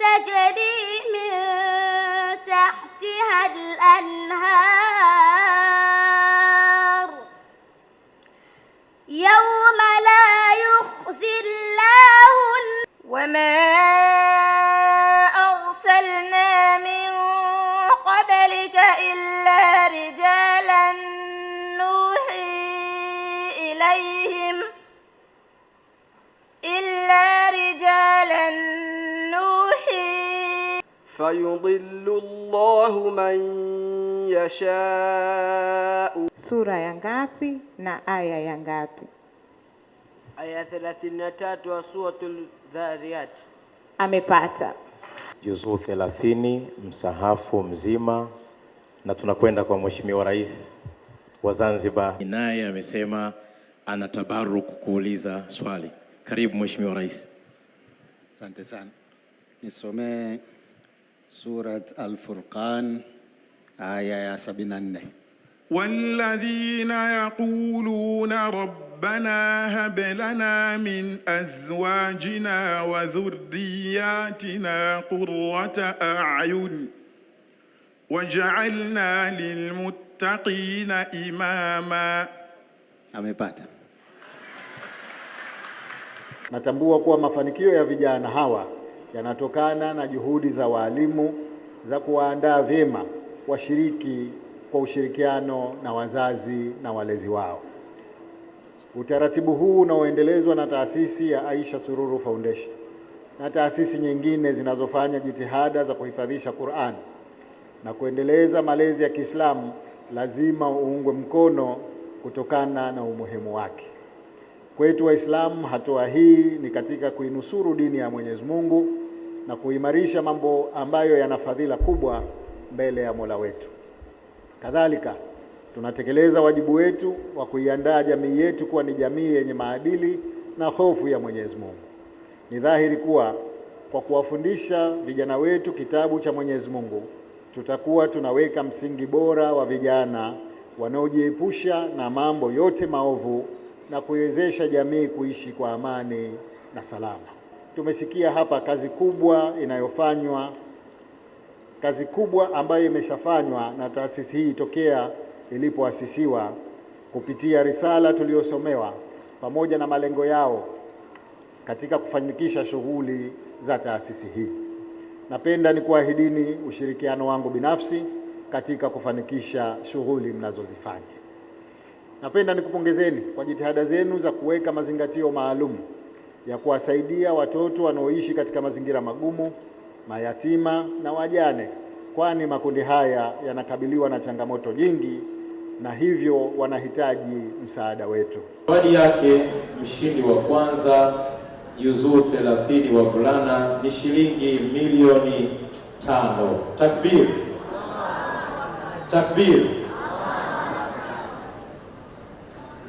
تجري من تحتها الأنهار يوم لا يخزي الله وما أرسلنا من قبلك إلا رجالا نوحي إليهم fayudhillu Allahu man yasha. Sura ya ngapi na aya ya ngapi? Aya 33 wa Suratul Dhariyat. Amepata juzuu 30 msahafu mzima, na tunakwenda kwa Mheshimiwa Rais wa Zanzibar, naye amesema ana tabaruk kuuliza swali. Karibu Mheshimiwa Rais. Asante sana, nisomee Surat Al-Furqan aya ya 74. Walladhina yaquluna rabbana hab lana min azwajina wa dhurriyyatina qurrata a'yun waj'alna lilmuttaqina imama. Amepata. Natambua kuwa mafanikio ya vijana hawa yanatokana na juhudi za waalimu za kuwaandaa vyema washiriki kwa ushirikiano na wazazi na walezi wao. Utaratibu huu unaoendelezwa na taasisi ya Aisha Sururu Foundation na taasisi nyingine zinazofanya jitihada za kuhifadhisha Qur'an na kuendeleza malezi ya Kiislamu lazima uungwe mkono kutokana na umuhimu wake. Kwetu Waislamu, hatua hii ni katika kuinusuru dini ya Mwenyezi Mungu na kuimarisha mambo ambayo yana fadhila kubwa mbele ya Mola wetu. Kadhalika tunatekeleza wajibu wetu wa kuiandaa jamii yetu kuwa ni jamii yenye maadili na hofu ya Mwenyezi Mungu. Ni dhahiri kuwa kwa kuwafundisha vijana wetu kitabu cha Mwenyezi Mungu tutakuwa tunaweka msingi bora wa vijana wanaojiepusha na mambo yote maovu na kuiwezesha jamii kuishi kwa amani na salama. Tumesikia hapa kazi kubwa inayofanywa, kazi kubwa ambayo imeshafanywa na taasisi hii tokea ilipoasisiwa, kupitia risala tuliyosomewa pamoja na malengo yao katika kufanikisha shughuli za taasisi hii. Napenda nikuahidini ushirikiano wangu binafsi katika kufanikisha shughuli mnazozifanya. Napenda nikupongezeni kwa jitihada zenu za kuweka mazingatio maalum ya kuwasaidia watoto wanaoishi katika mazingira magumu, mayatima na wajane, kwani makundi haya yanakabiliwa na changamoto nyingi na hivyo wanahitaji msaada wetu. Zawadi yake mshindi wa kwanza juzuu 30 wavulana ni shilingi milioni tano. Takbir, takbir!